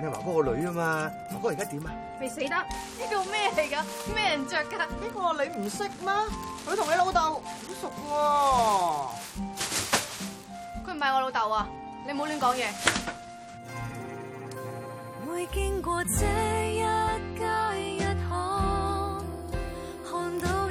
你華哥個女啊嘛，華哥而家點啊？未死得。呢套咩嚟噶？咩人着噶？呢個你唔識咩？佢同你老豆好熟喎。佢唔係我老豆啊！你唔好亂講嘢。會經過這一街一巷，看到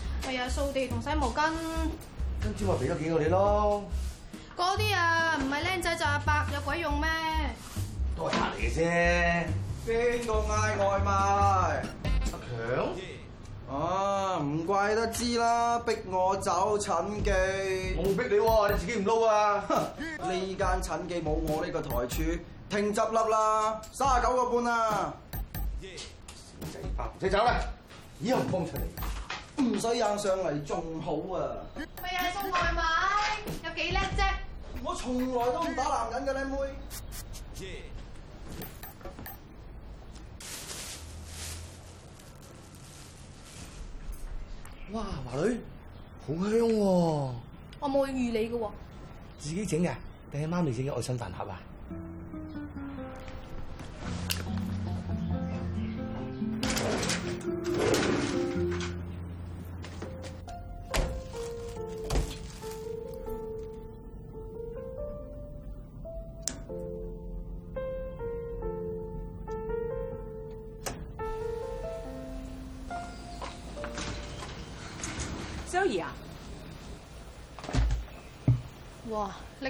咪啊，係掃地同洗毛巾，今朝話俾咗幾個你咯。嗰啲啊，唔係僆仔就、阿伯，有鬼用咩？代客嚟嘅啫。邊個嗌外賣？阿強。啊，唔怪得之啦，逼我找陳記。冇逼你喎、啊，你自己唔撈啊！呢 間陳記冇我呢個台柱，聽執笠啦。三十九個半啊！Yeah. 小細包，唔使走啦，以後唔幫出嚟。唔使掟上嚟仲好啊！咪啊送外賣有幾叻啫！我從來都唔打男人嘅靚妹，妹。Yeah. 哇華女，好香喎、啊！我冇預你嘅喎，自己整嘅定係媽咪整嘅愛心飯盒啊？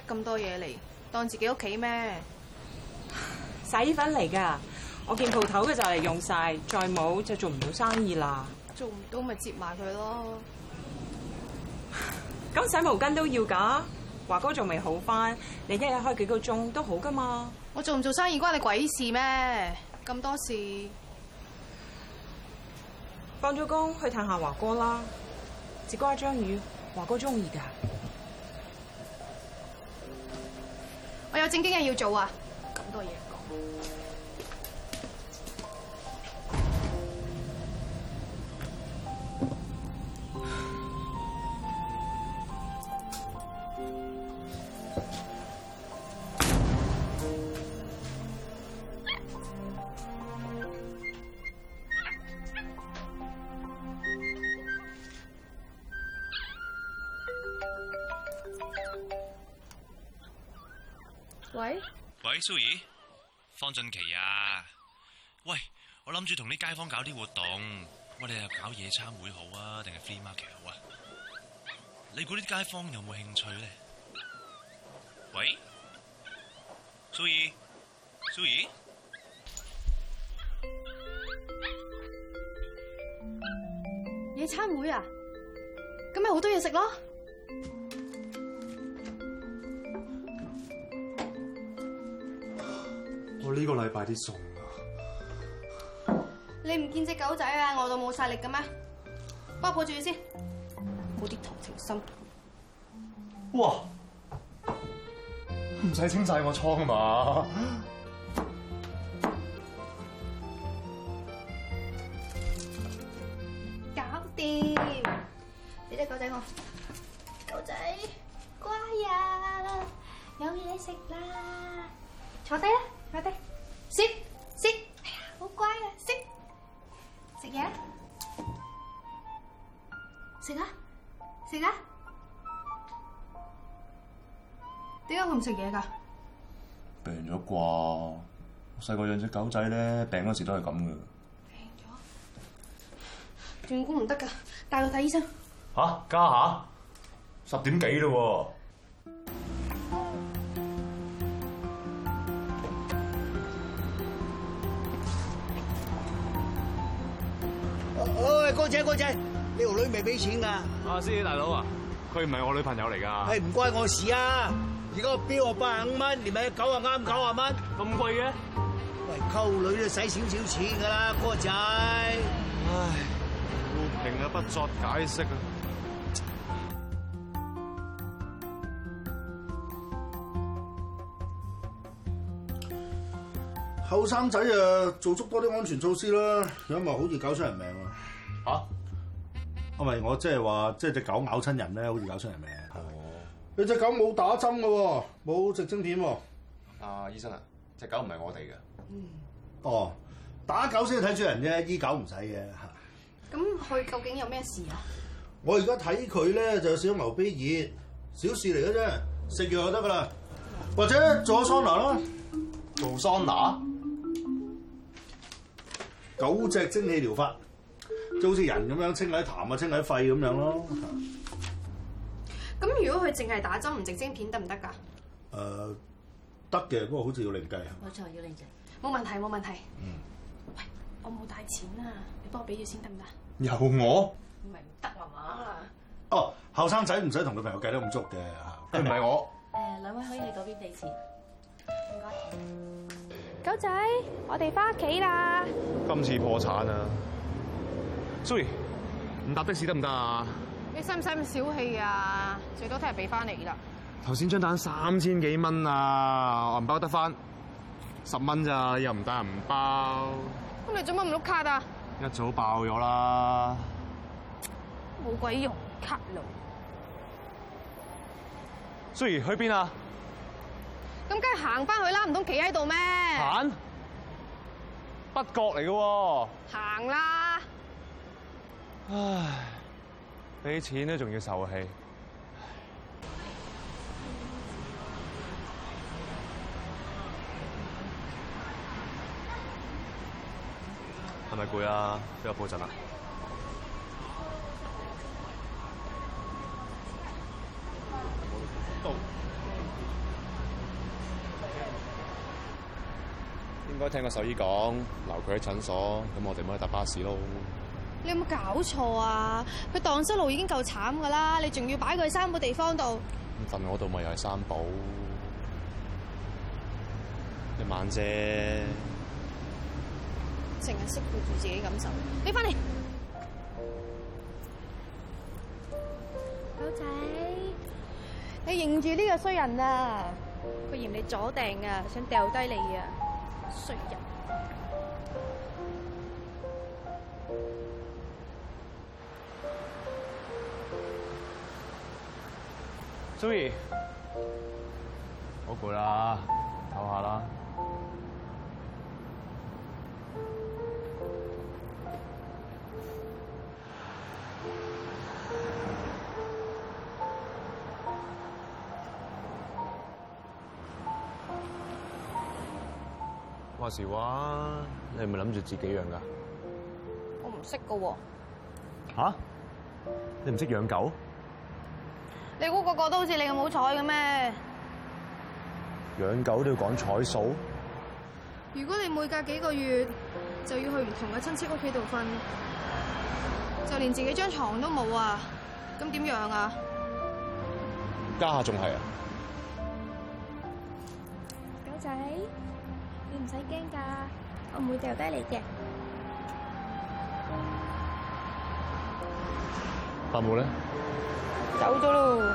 咁多嘢嚟當自己屋企咩？洗衣粉嚟噶，我見鋪頭嘅就嚟用晒，再冇就做唔到生意啦。做唔到咪接埋佢咯。咁 洗毛巾都要噶，華哥仲未好返，你一日開幾個鐘都好噶嘛。我做唔做生意關你鬼事咩？咁多事，放咗工去探下華哥啦，節瓜章魚，華哥中意噶。有正經嘢要做啊！咁多嘢。蘇怡，方駿麒啊！喂，我諗住同啲街坊搞啲活動，我哋又搞野餐會好啊，定係 free market 好啊？你估啲街坊有冇興趣咧？喂，蘇怡，蘇怡，野餐會啊？咁咪好多嘢食咯！我呢個禮拜啲餸啊！你唔見隻狗仔啊？餓到冇晒力嘅咩？幫我抱住佢先，冇啲同情心。哇！唔使清晒我倉啊嘛！搞掂，你隻狗仔我狗仔乖呀，有嘢食啦，坐低啦。快啲，食食，哎呀，好乖啊食食嘢，食啊食啊，點解我唔食嘢噶？病咗啩？我細個養隻狗仔咧，病嗰時都係咁嘅。病咗，斷估唔得噶，帶佢睇醫生。吓、啊，家下，十點幾嘞？喂，哥仔哥仔，你條女未俾錢啊？阿師姐大佬啊，佢唔係我女朋友嚟噶。係，唔關我事啊！而家標我八十五蚊，連埋九啊啱九啊蚊，咁貴嘅？喂，溝女都使少少錢噶啦，哥仔。唉，無平啊，不作解釋啊。後生仔啊，做足多啲安全措施啦，如果唔係，好易搞出人命啊！嚇？啊咪我即係話，即係隻狗咬親人咧，好易搞出人命。哦！你隻狗冇打針嘅喎，冇植晶片喎。啊，醫生啊，隻狗唔係我哋嘅。嗯。哦，打狗先睇主人啫，醫狗唔使嘅嚇。咁佢究竟有咩事啊？我而家睇佢咧就有少牛皮癆，小事嚟嘅啫，食藥就得噶啦，或者做桑拿咯，做桑拿、嗯。嗯九隻蒸汽療法，就好似人咁樣清理痰啊、清理肺咁樣咯。咁、嗯、如果佢淨係打針唔整晶片得唔得㗎？誒，得、呃、嘅，不過好似要另計啊。冇錯，要另計，冇問題，冇問題。嗯，喂，我冇帶錢啊，你幫我俾住先得唔得？由我？唔係唔得啊嘛？哦，後生仔唔使同女朋友計得咁足嘅，佢唔係我。誒，兩位可以喺嗰邊俾錢，唔該。狗仔，我哋翻屋企啦！今次破產啊！Zoe，唔搭的士得唔得啊？你使唔使咁小氣啊？最多都係俾翻你啦！頭先張單三千幾蚊啊，我唔包得翻，十蚊咋，又唔帶銀包？咁你做乜唔碌卡啊？一早爆咗啦！冇鬼用卡路。Zoe 去邊啊？咁梗係行返去啦，唔通企喺度咩？行，北角嚟嘅喎。行啦。唉，俾錢都仲要受氣，係咪攰啊？不如抱陣啊。該聽個獸醫講，留佢喺診所，咁我哋咪去搭巴士咯。你有冇搞錯啊？佢蕩失路已經夠慘噶啦，你仲要擺佢去三個地方度？瞓我度咪又係三寶你晚啫。淨係識顧住自己感受，俾翻嚟，狗仔，你認住呢個衰人啊！佢嫌你阻掟啊，想掉低你啊！衰人，注意，好攰啦，唞下啦。時話，你係咪諗住自己養㗎？我唔識㗎喎。吓？你唔識養狗？你估個個都好似你咁好彩嘅咩？養狗都要講彩數？如果你每隔幾個月就要去唔同嘅親戚屋企度瞓，就連自己張床都冇啊，咁點樣啊？家下仲係啊。狗仔。你唔使驚噶，我唔會掉低你嘅。伯母咧？走咗咯。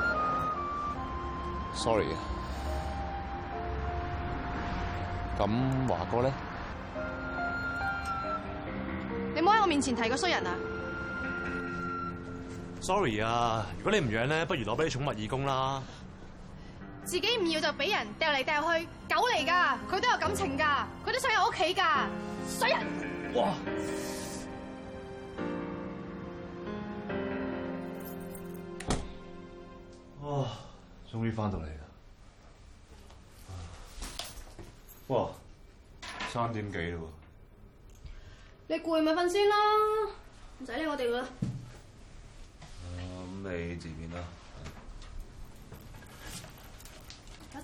Sorry。咁、嗯、華哥咧？你冇喺我面前提個衰人啊！Sorry 啊，如果你唔養咧，不如攞俾啲寵物義工啦。自己唔要就俾人掉嚟掉去，狗嚟㗎，佢都有感情㗎，佢都想有屋企㗎，衰人！哇！哇！終於翻到嚟啦！哇！三點幾嘞喎？你攰咪瞓先啦，唔使理我哋啦。咁、呃、你自便啦。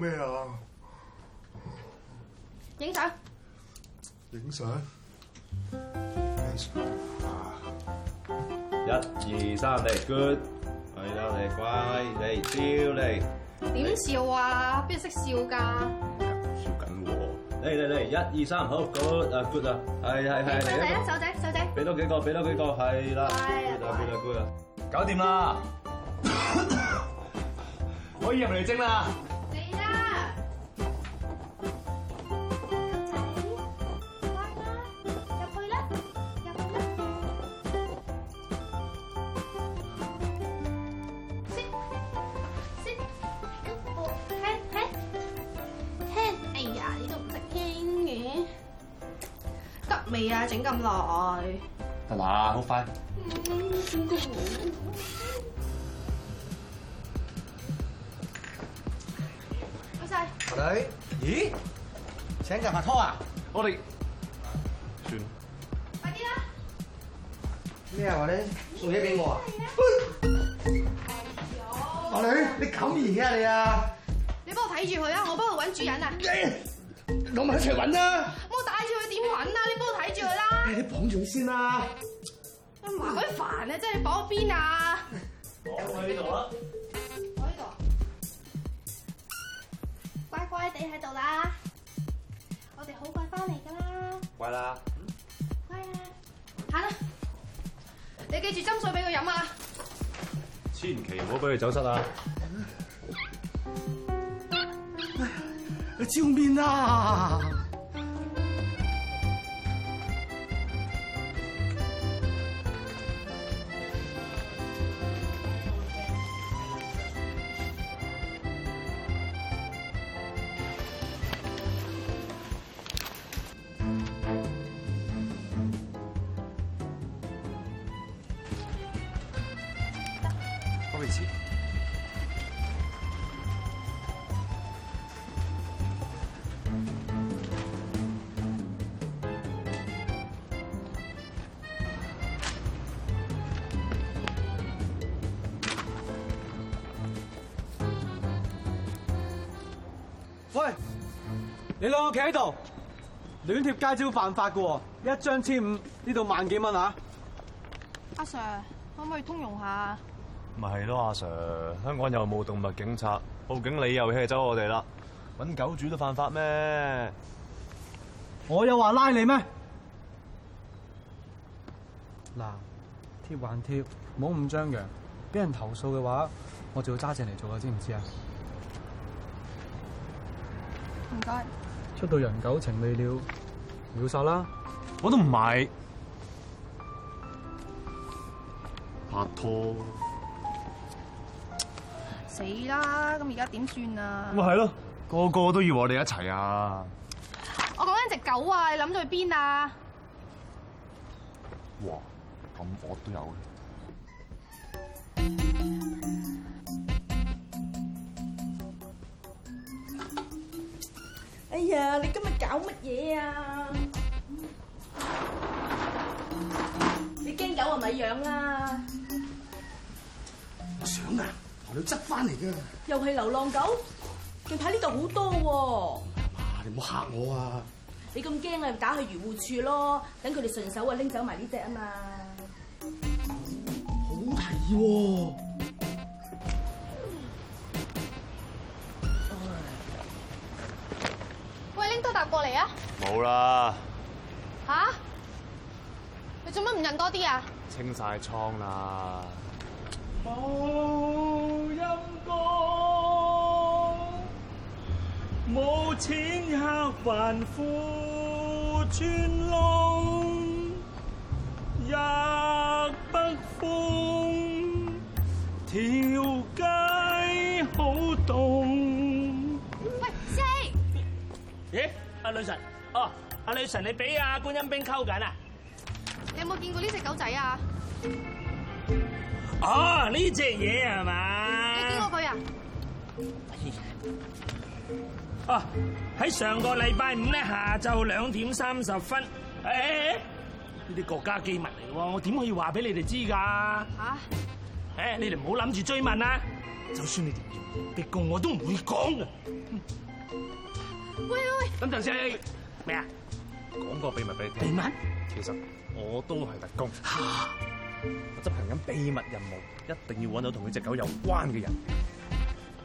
咩啊？影相，影相。一二三，嚟，good，係啦，你乖，你笑嚟。點笑啊？邊度識笑㗎？笑緊喎。嚟嚟嚟，一二三，好，good 啊，good 啊。係係係。手仔啦，手仔，手仔。俾多幾個，俾多幾個，係啦。good 啊，good 啊，good 啊，搞掂啦。可以入嚟蒸啦。整咁耐得啦，好快。老 細。阿女。咦？請人拍拖啊？我哋算。快啲啦！咩話咧？送嘢俾我啊！阿女，女 你狗兒 hea 你啊！你幫我睇住佢啊！我幫佢揾主人啊！咁我咪一齊揾啦！你綁住先啦！唔鬼佢煩你，真係綁邊啊？綁喺呢度啦，喺呢度，乖乖地喺度啦。我哋好快翻嚟噶啦，乖啦，乖啊，行啦，你記住斟水俾佢飲啊，千祈唔好俾佢走失啊！哎呀！照面啊！你兩個企喺度，亂貼街招犯法噶，一張千五，呢度萬幾蚊啊！阿 Sir，可唔可以通融下？咪係咯，阿 Sir，香港又冇動物警察，報警你又 hea 走我哋啦，搵狗主都犯法咩？我又話拉你咩？嗱，貼還貼，唔好咁張揚，俾人投訴嘅話，我就要揸正嚟做啦，知唔知啊？唔該。出到人狗情未了，秒殺啦！我都唔係拍拖，死啦！咁而家點算啊？咁咪係咯，個個都要我哋一齊啊！我講緊隻狗啊，你諗到去邊啊？哇！咁我都有。哎呀！你今日搞乜嘢啊？你驚狗啊，咪養啦！我想噶，我要執翻嚟噶。又係流浪狗，近排呢度好多喎。媽，你唔好嚇我啊！你咁驚啊，打去漁護處咯，等佢哋順手啊拎走埋呢隻啊嘛。好睇喎！過嚟啊！冇啦！吓，你做乜唔印多啲啊？清晒倉啦！冇陰功，冇千客萬富。穿窿，入不富。女神，哦，阿女神，你俾阿觀音兵溝緊啊？你有冇見過呢隻狗仔啊？啊，呢隻嘢啊，係嘛？哎、你見過佢啊？啊，喺上個禮拜五咧下晝兩點三十分，誒，呢啲國家機密嚟嘅，我點可以話俾你哋知噶？吓，誒，你哋唔好諗住追問啊！就算你哋逼供，我都唔會講嘅。喂喂喂，等陣先。咩啊？講個秘密俾你聽。秘密？其實我都係特工。吓、啊！我執行緊秘密任務，一定要揾到同佢隻狗有關嘅人。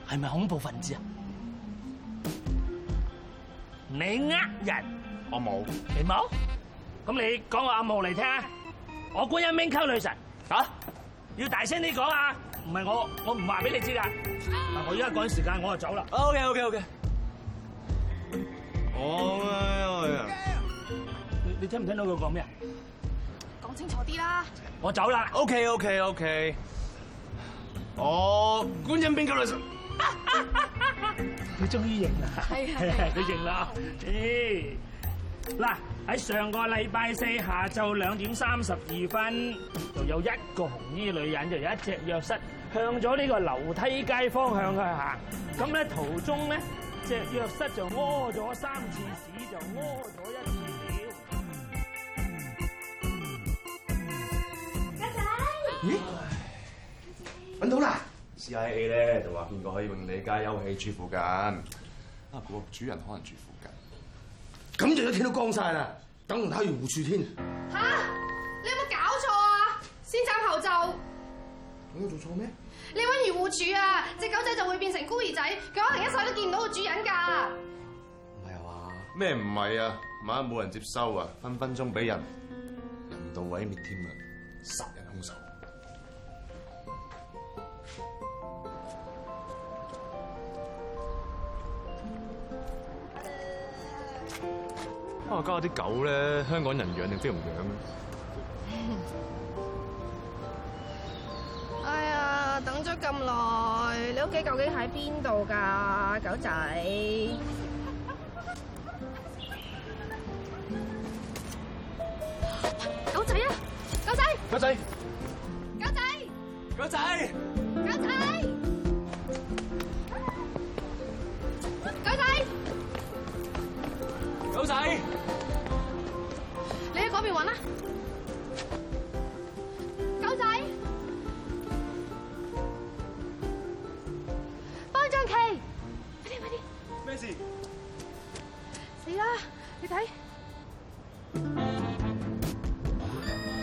係咪恐怖分子啊？你呃人？我冇。你冇？咁你講個暗號嚟聽啊！我觀音名溝女神。啊？要大聲啲講啊！唔係我，我唔話俾你知噶。嗯、我依家趕時間，我就走啦。OK、OK、OK。講、oh, 啊、yeah, yeah. yeah.！你你聽唔聽到佢講咩？講清楚啲啦！我走啦！OK OK OK、oh。 哦， 觀音兵教律師，佢終於認啦！係係，佢認啦！咦？嗱，喺上個禮拜四下晝兩點三十二分，就有一個紅衣女人，就有一隻藥室，向咗呢個樓梯街方向去行。咁 咧，途中咧。隻藥室就屙咗三次屎，就屙咗一次尿。嘉、哎、仔，咦？搵到啦！CIA 咧就話，邊個可以揾你家休憩住附近？啊，個主人可能住附近。咁就都天都光晒啦，等唔等完護處添？吓、啊，你有冇搞錯啊？先斬後奏，我有做錯咩？你揾人狗主啊，隻狗仔就會變成孤兒仔，佢可能一世都見唔到個主人㗎。唔係啊？咩唔係啊？萬一冇人接收啊，分分鐘俾人人道毀滅添啊！殺人兇手啊！家下啲狗咧，香港人養定菲傭養？咗咁耐，你屋企究竟喺邊度㗎，狗仔？狗仔啊！狗仔！狗仔！狗仔！狗仔！狗仔！狗仔！狗仔！你喺嗰邊搵啦。咩事？死啦！你睇，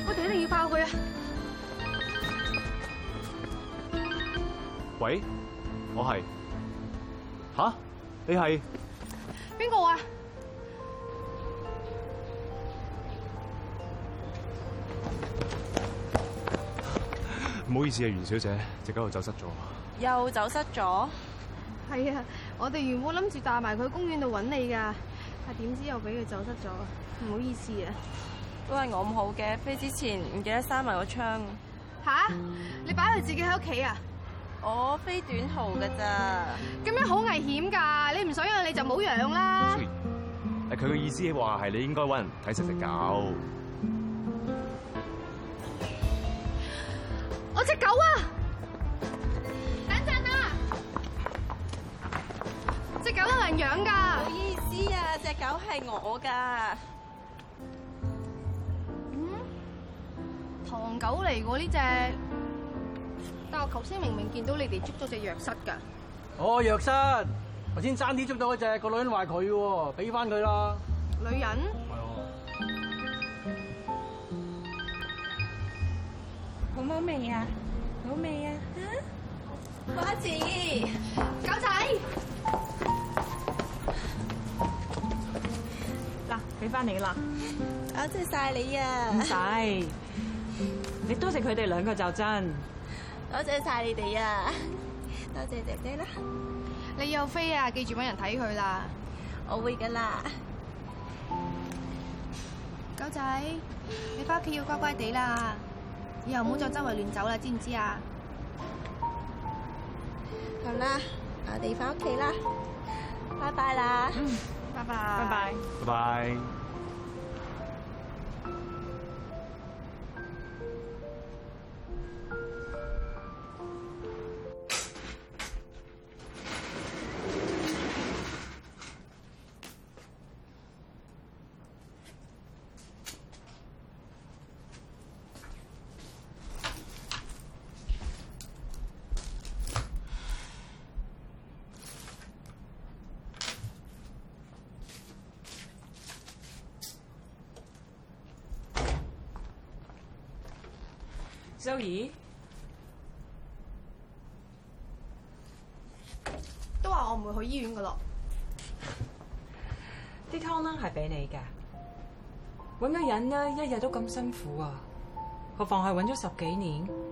我哋一定要返去啊！喂，我係，吓、啊？你係邊個啊？唔好意思啊，袁小姐，隻狗又走失咗。又走失咗？係啊。我哋原本諗住帶埋佢去公園度揾你噶但係點知又俾佢走失咗，唔好意思啊。都係我唔好嘅，飛之前唔記得閂埋個窗。吓、啊，你擺佢自己喺屋企啊？我飛短途噶咋？咁樣好危險噶你唔想養你就唔好養啦。係佢嘅意思話係你應該揾人睇實隻狗。我隻狗啊！隻狗有人養噶，唔好意思啊，隻狗係我噶。嗯，唐狗嚟喎呢隻，但係我頭先明明見到你哋捉咗隻約瑟噶。哦，約瑟，頭先爭啲捉到嗰隻個女人壞佢嘅，俾翻佢啦。女人。係啊。好冇味啊，好味啊，阿子，狗仔。俾翻你啦！我多謝晒你啊，唔使，你多謝佢哋兩個就真。多謝晒你哋啊，多謝，謝姐姐啦。你又飛啊，記住搵人睇佢啦。我會噶啦。狗仔，你翻屋企要乖乖哋啦，以後唔好再周圍亂走啦，嗯，知唔知啊？好啦，我哋翻屋企啦，拜拜啦。嗯拜拜。拜拜。拜拜。Zoe 都話我唔會去醫院噶咯，啲湯啦係俾你噶，搵個人啦一日都咁辛苦啊，何況係搵咗十幾年。